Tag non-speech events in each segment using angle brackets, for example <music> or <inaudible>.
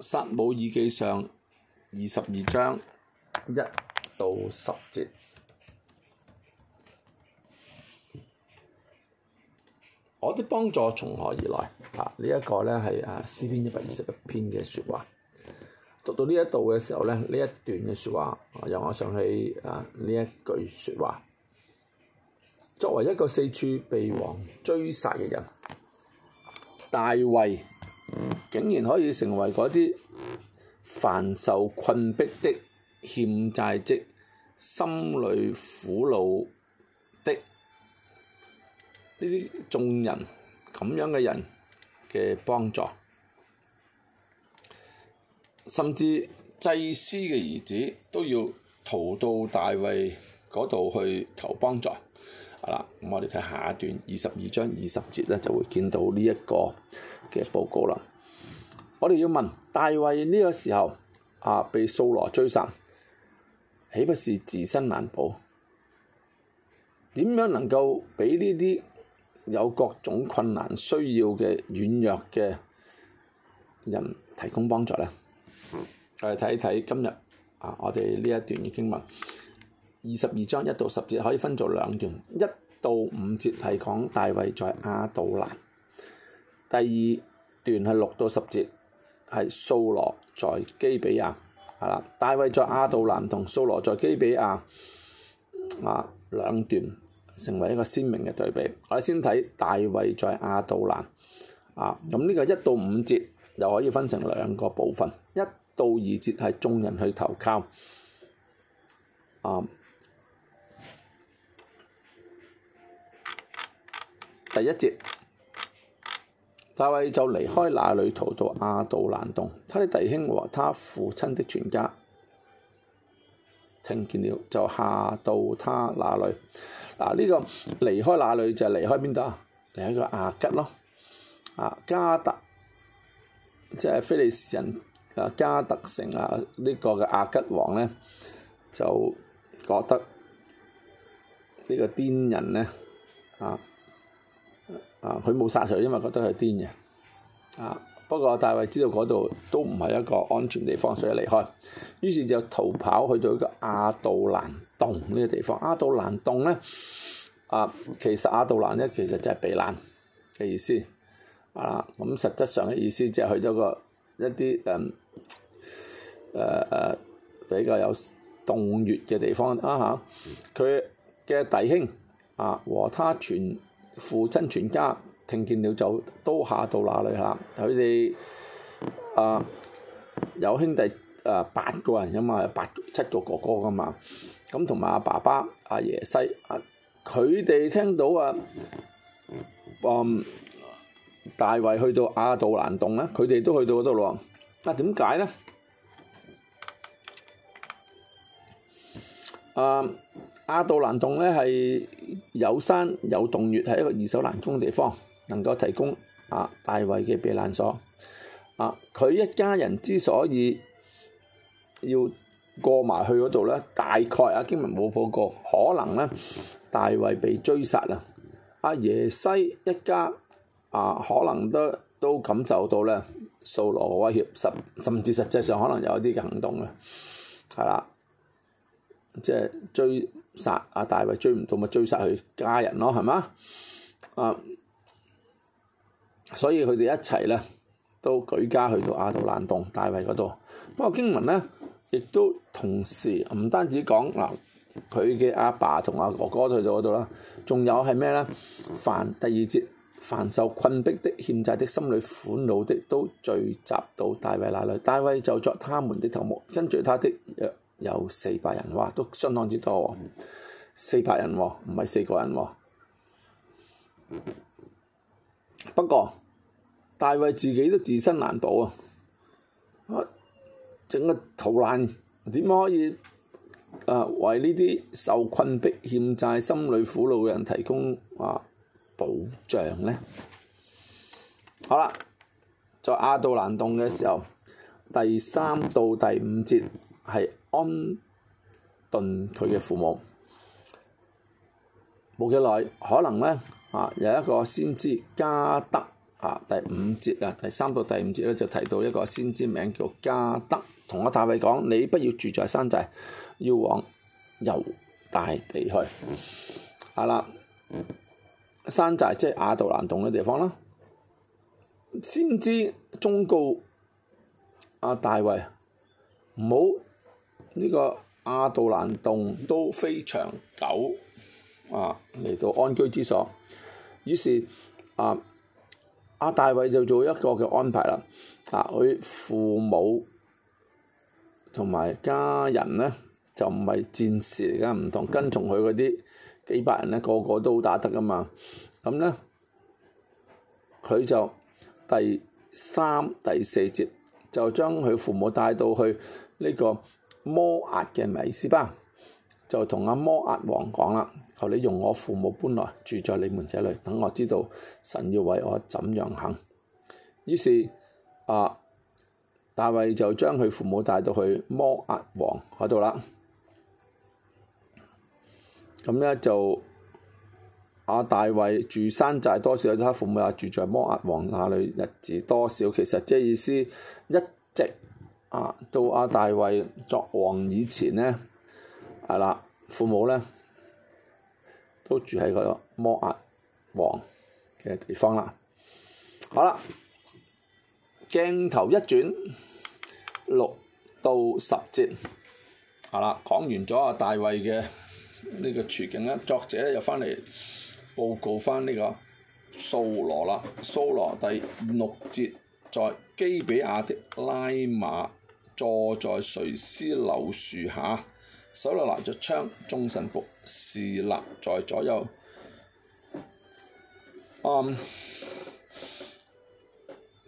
撒母耳記上二十二章一到十節，我的幫助從何而來？啊，呢、這、一個咧係誒詩篇一百二十一篇嘅説話。讀到呢一度嘅時候咧，呢一段嘅説話，讓我想起啊呢一句説話：作為一個四處被王追殺嘅人。大衛竟然可以成為嗰啲凡受窘迫的、欠債的、心裏苦惱的呢啲眾人咁樣嘅人嘅幫助，甚至祭司嘅兒子都要逃到大衛嗰度去求幫助。啦，咁我哋睇下一段二十二章二十節咧，就會見到呢一個嘅報告啦。我哋要問大衛呢個時候啊，被掃羅追殺，豈不是自身難保？點樣能夠俾呢啲有各種困難、需要嘅軟弱嘅人提供幫助呢？我哋睇一睇今日啊，我哋呢一段嘅經文。二十二章一到十節可以分做兩段，一到五節係講大衛在亞杜蘭，第二段係六到十節係掃羅在基比亞。係啦，大衛在亞杜蘭同掃羅在基比亞啊，兩段成為一個鮮明嘅對比。我哋先睇大衛在亞杜蘭，啊，咁呢個一到五節又可以分成兩個部分，一到二節係眾人去投靠，啊。第一節，大衛就離開那裏，逃到亞杜蘭洞。他的弟兄和他父親的全家聽見了，就下到他那裏。嗱、啊，呢、呢個離開那裏就係離開邊度啊？離開個亞吉咯。啊，加特即係非利士人啊，加特城啊，呢個嘅亞吉王呢，就覺得呢個癲人呢。啊～啊！佢冇殺佢，因為覺得佢癲嘅。啊！不過大衛知道嗰度都唔係一個安全地方，所以離開。於是就逃跑去到一個亞杜蘭洞呢個地方。亞杜蘭洞咧，啊，其實亞杜蘭咧其實就係避難嘅意思。啊，咁實質上嘅意思即係去咗一個一啲誒誒誒比較有洞穴嘅地方啊嚇。佢嘅弟兄啊和他全父親全家聽見了就都下到那裏喇，佢哋啊有兄弟啊八個人㗎嘛，八七個哥哥㗎嘛，咁同埋阿爸爸、阿、啊、耶西，佢、啊、哋聽到啊，嗯、啊，大衛去到亞杜蘭洞咧，佢哋都去到嗰度咯，啊點解咧？啊！亞杜蘭洞咧係有山有洞穴，係一個易守難攻嘅地方，能夠提供啊大衛嘅避難所。啊，佢一家人之所以要過埋去嗰度咧，大概啊經文冇報告，可能咧大衛被追殺啦。阿、啊、耶西一家啊，可能都都感受到咧掃羅嘅威脅，甚甚至實際上可能有一啲嘅行動嘅，係啦，即係追殺阿大衞，追唔到咪追殺佢家人咯，係嘛啊，所以佢哋一齊咧都舉家去到亞杜蘭洞大衞嗰度。不過經文咧亦都同時唔單止講嗱，佢嘅阿爸同阿哥哥去到嗰度啦，仲有係咩咧？凡第二節，凡受困逼的、欠債的、心裏苦惱的，都聚集到大衞那裡。大衞就作他們的頭目，跟住他的有四百人，哇！都相當之多，啊，四百人喎，啊，唔係四個人喎，啊。不過，大衛自己都自身難保啊！啊整個逃難點可以啊，為呢啲受困迫欠債、心裏苦惱嘅人提供啊保障呢？好啦，在亞杜蘭洞嘅時候，第三到第五節。係安頓佢嘅父母，冇幾耐，可能咧啊有一個先知加德啊，第五節啊，第三到第五節咧，就提到一個先知名叫加德，同阿大衞講：你不要住在山寨，要往猶大地去。啊啦，山寨即係亞杜蘭洞嘅地方啦。先知忠告阿大衞唔好。呢個亞杜蘭洞都非常久啊，嚟到安居之所。於是啊，阿、啊、大衛就做一個嘅安排啦。啊，佢父母同埋家人咧就唔係戰士嚟㗎，唔同跟從佢嗰啲幾百人咧，個個都打得㗎嘛。咁、啊、咧，佢就第三、第四節就將佢父母帶到去呢、這個。摩押嘅，米斯巴，就同阿摩押王講啦，求你容我父母搬來住在你們這裏，等我知道神要為我怎樣行。於是啊，大衛就將佢父母帶到去摩押王嗰度啦。咁咧就阿、啊、大衛住山寨多少，他父母啊住在摩押王那裏日子多少。其實即係意思一。到阿大衛作王以前呢，係啦，父母呢都住喺個摩押王嘅地方啦。好啦，鏡頭一轉，六到十節，好啦，講完咗阿大衛嘅呢個處境呢，作者呢又翻嚟報告翻呢個掃羅啦。掃羅第六節，在基比亞的拉馬。坐在垂絲柳樹下，手裏拿着槍，眾臣僕侍立在左右。嗯，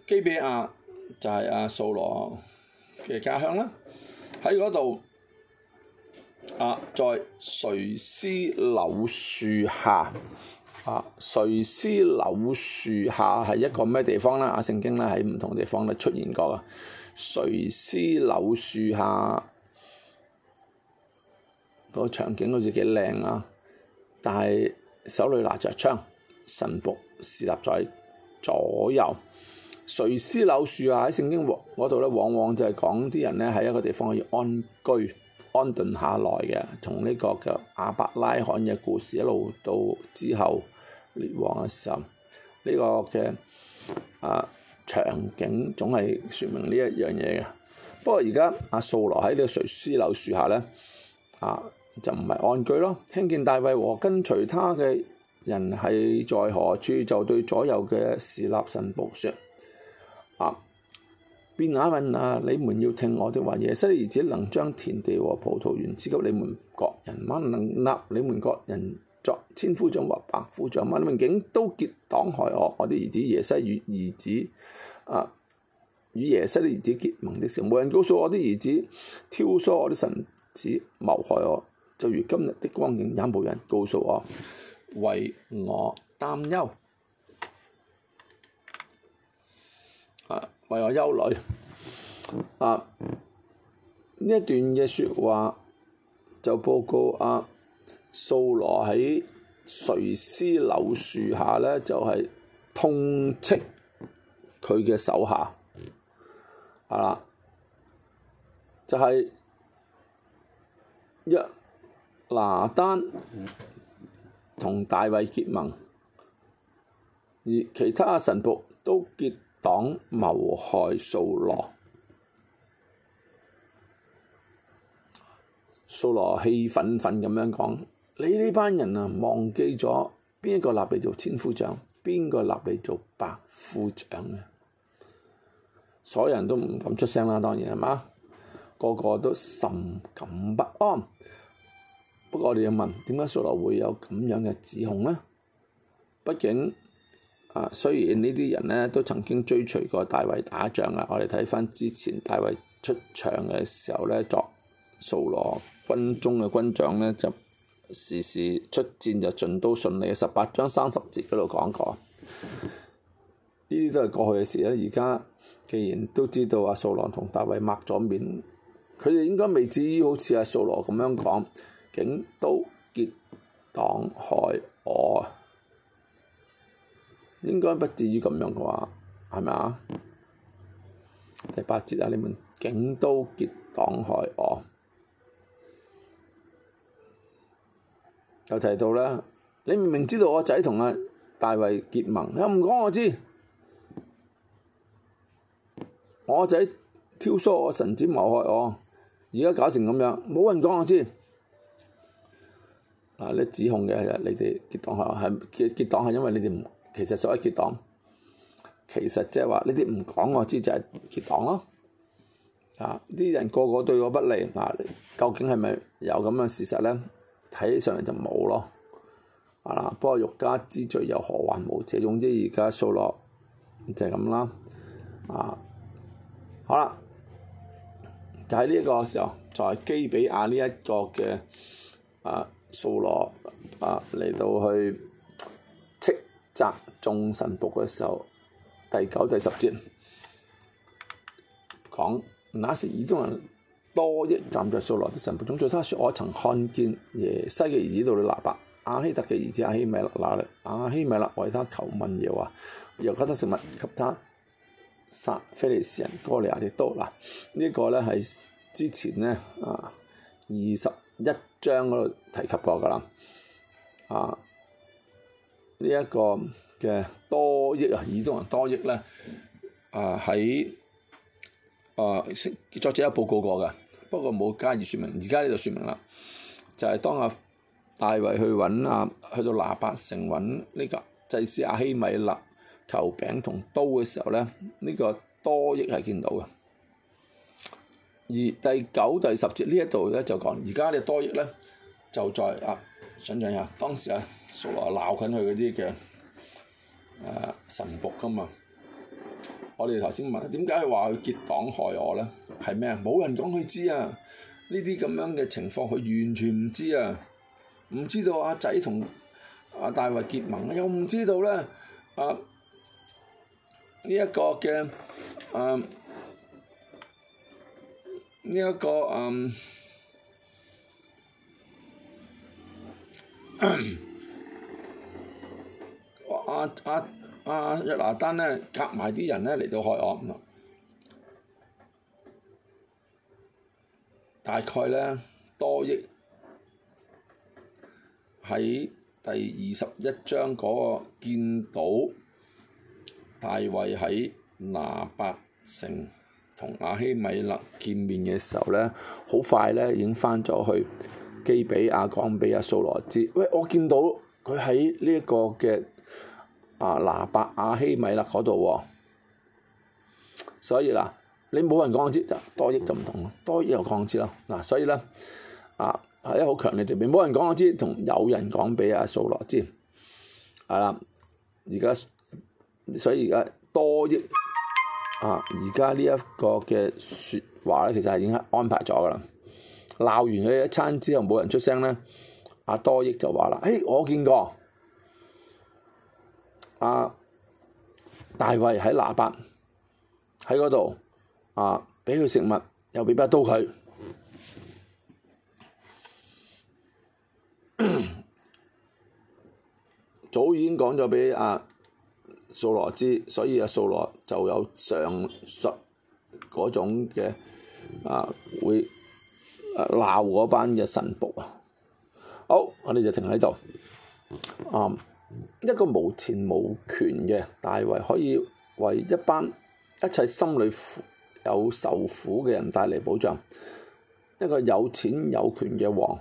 基比亞就係阿掃羅嘅家鄉啦，喺嗰度。啊，在垂絲柳樹下，啊，垂絲柳樹下係一個咩地方咧？阿聖經咧喺唔同地方咧出現過。垂絲柳樹下，個場景好似幾靚啊！但係手裏拿着槍，神僕侍立在左右。垂絲柳樹啊，喺聖經嗰度咧，往往就係講啲人咧喺一個地方可以安居、安頓下來嘅。從呢個嘅亞伯拉罕嘅故事一路到之後列王嘅時候，呢、呢個嘅啊。場景總係說明呢一樣嘢嘅，不過而家阿掃羅喺呢個垂絲柳樹下呢，啊就唔係安居咯。聽見大衛和跟隨他嘅人係在何處，就對左右嘅侍立臣僕說：啊，便雅憫啊，你們要聽我的話。耶西兒子能將田地和葡萄園賜給你們各人嗎？能立你們各人？作千夫長或百夫長，我的民警都結黨害我，我啲兒子耶西與兒子啊，與耶西啲兒子結盟的時候，無人告訴我啲兒子挑唆我啲臣子謀害我，就如今日的光景，也無人告訴我為我擔憂啊，為我憂慮啊，呢一段嘅說話就報告啊。掃羅喺垂絲柳樹下呢，就係、是、痛斥佢嘅手下，係啦，就係、是、一拿單同大衛結盟，而其他神僕都結黨謀害掃羅。掃羅氣憤憤咁樣講。你呢班人啊，忘記咗邊一個立你做千夫長，邊個立你做百夫長嘅？所有人都唔敢出聲啦，當然係嘛？個個都甚感不安。哦，不過我哋要問，點解掃羅會有咁樣嘅指控呢？畢竟啊，雖然呢啲人呢都曾經追隨過大衛打仗啊，我哋睇翻之前大衛出場嘅時候呢，作掃羅軍中嘅軍長呢。就。時時出戰就盡都順利。講一講，十八章三十節嗰度講過，呢啲都係過去嘅事啦。而家既然都知道阿掃羅同大衛抹咗面，佢哋應該未至於好似阿掃羅咁樣講，竟都結黨害我，應該不至於咁樣嘅話，係咪啊？第八節啊，你們竟都結黨害我。有提到啦，你明明知道我仔同阿大衛結盟，你唔講我知，我仔挑唆我臣子謀害我，而家搞成咁樣，冇人講我知。嗱、啊，你指控嘅係你哋結黨係，結黨係因為你哋唔，其實所謂結黨，其實即係話呢啲唔講我知就係結黨咯。啊，啲人個個對我不利，嗱、啊，究竟係咪有咁嘅事實咧？睇起上嚟就冇咯，啊啦！不過欲加之罪，又何患無辭？總之而家數落就係咁啦，啊好啦，就喺呢一個時候，在基比亞呢一個嘅啊數落啊嚟到去斥責眾神僕嘅時候，第九、第十節講，那時以東人。多益站在數落的神僕中，再他說，我曾看見耶西嘅兒子到你拿伯、阿希特嘅兒子阿希米勒、裡阿希米勒為他求問耶華，又給他食物給他殺菲利士人哥利亞的刀嗱。這個、呢個咧係之前咧啊二十一章嗰度提及過㗎啦，啊、這個、呢一個嘅多益啊，耳中人多益咧啊喺啊作者有報告過嘅。不過冇加以説明，而家呢度説明啦，就係、是、當阿大衛去揾阿去到挪伯城揾呢個祭司亞希米勒求餅同刀嘅時候呢，呢、這個多益係見到嘅，而第九、第十節呢一度咧就講，而家呢多益咧就在啊，想，想一下，當時阿、啊、掃羅鬧緊佢嗰啲嘅誒神僕咁嘛。我哋頭先問點解佢話佢結黨害我咧？係咩啊？冇人講佢知啊！呢啲咁樣嘅情況，佢完全唔知啊！唔知道阿仔同阿大衞結盟，又唔知道咧啊呢一個嘅啊呢一個啊啊啊！這個啊！一拿單咧，夾埋啲人咧嚟到海岸，咁大概咧多億喺第二十一章嗰，那個見到大衛喺拿伯城同亞希米勒見面嘅時候呢，好快咧已經返咗去基比亞講畀阿蘇羅茲。喂，我見到佢喺呢一個嘅。啊！拿伯亞希米勒嗰度，所以嗱，你冇人講我知，多益就唔同咯，多益又講我知咯，嗱，所以咧，啊，係一好強烈對比，冇人講我知，同有人講俾阿掃羅知，係啦，而家所以而家多益。啊，而、啊、家、啊、呢一個嘅説話咧，其實係已經安排咗噶啦，鬧完佢一餐之後冇人出聲咧，阿、啊、多益就話啦，誒，我見過。啊！大衛喺喇叭喺嗰度啊，畀佢食物，又畀把刀佢。 <coughs> 早已經講咗畀啊掃羅知，所以啊掃羅就有上述嗰種嘅啊會啊鬧嗰班嘅神僕。啊。好，我哋就停喺度。啱、啊。一個無錢無權嘅大衞可以為一班一切心裏有受苦嘅人帶嚟保障，一個有錢有權嘅王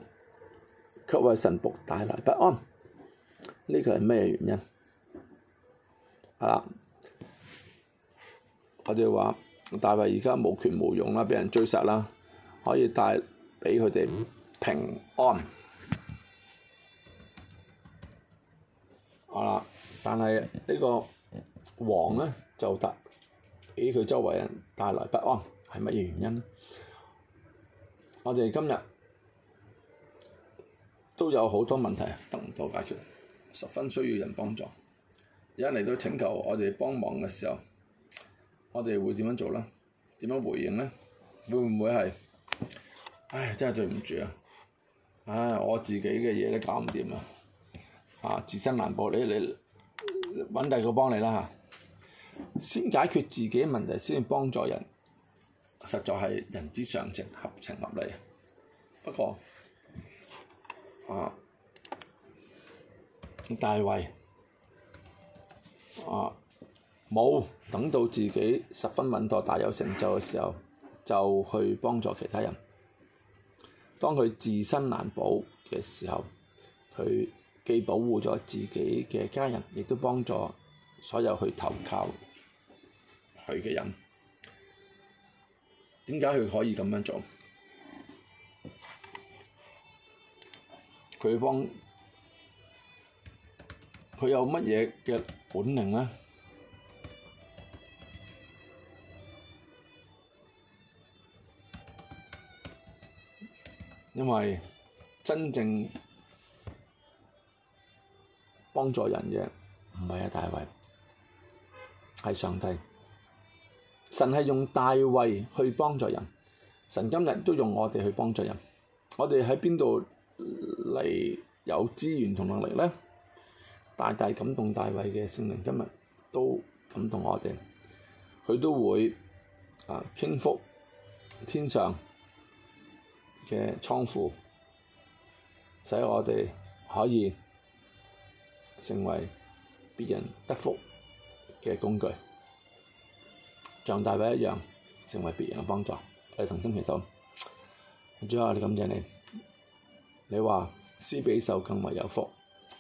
卻為神僕帶來不安，呢個係咩原因？係啦，我哋話大衞而家無權無用啦，俾人追殺啦，可以帶畀佢哋平安。但係呢個王呢，就突俾佢周圍人帶來不安，係乜嘢原因呢？我哋今日都有好多問題得唔到解決，十分需要人幫助。而家嚟到請求我哋幫忙嘅時候，我哋會點樣做呢？點樣回應呢？會唔會係唉，真係對唔住啊！唉，我自己嘅嘢都搞唔掂啊！啊，自身難保，你你～揾第二個幫你啦，先解決自己問題，先幫助人，實在係人之常情，合情合理。不過，啊，大衛，啊，冇等到自己十分穩妥、大有成就嘅時候，就去幫助其他人。當佢自身難保嘅時候，佢。既保護咗自己嘅家人，亦都幫助所有去投靠佢嘅人。點解佢可以咁樣做？佢幫佢有乜嘢嘅本領呢？因為真正。幫助人嘅唔係啊，大衛係上帝，神係用大衛去幫助人，神今日都用我哋去幫助人。我哋喺邊度嚟？有資源同能力呢？大大感動大衛嘅聖靈，今日都感動我哋，佢都會啊傾覆天上嘅倉庫，使我哋可以。成為別人得福嘅工具，像大衛一樣成為別人嘅幫助。我哋同心祈禱，最後我哋感謝你。你話施比受更為有福，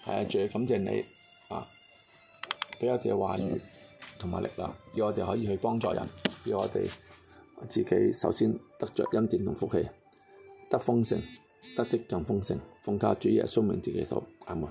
係啊，最感謝你啊，俾我哋嘅話語同埋力量，要我哋可以去幫助人，要我哋自己首先得着恩典同福氣，得豐盛，得的更豐盛。奉靠主嘅生明自己做阿門。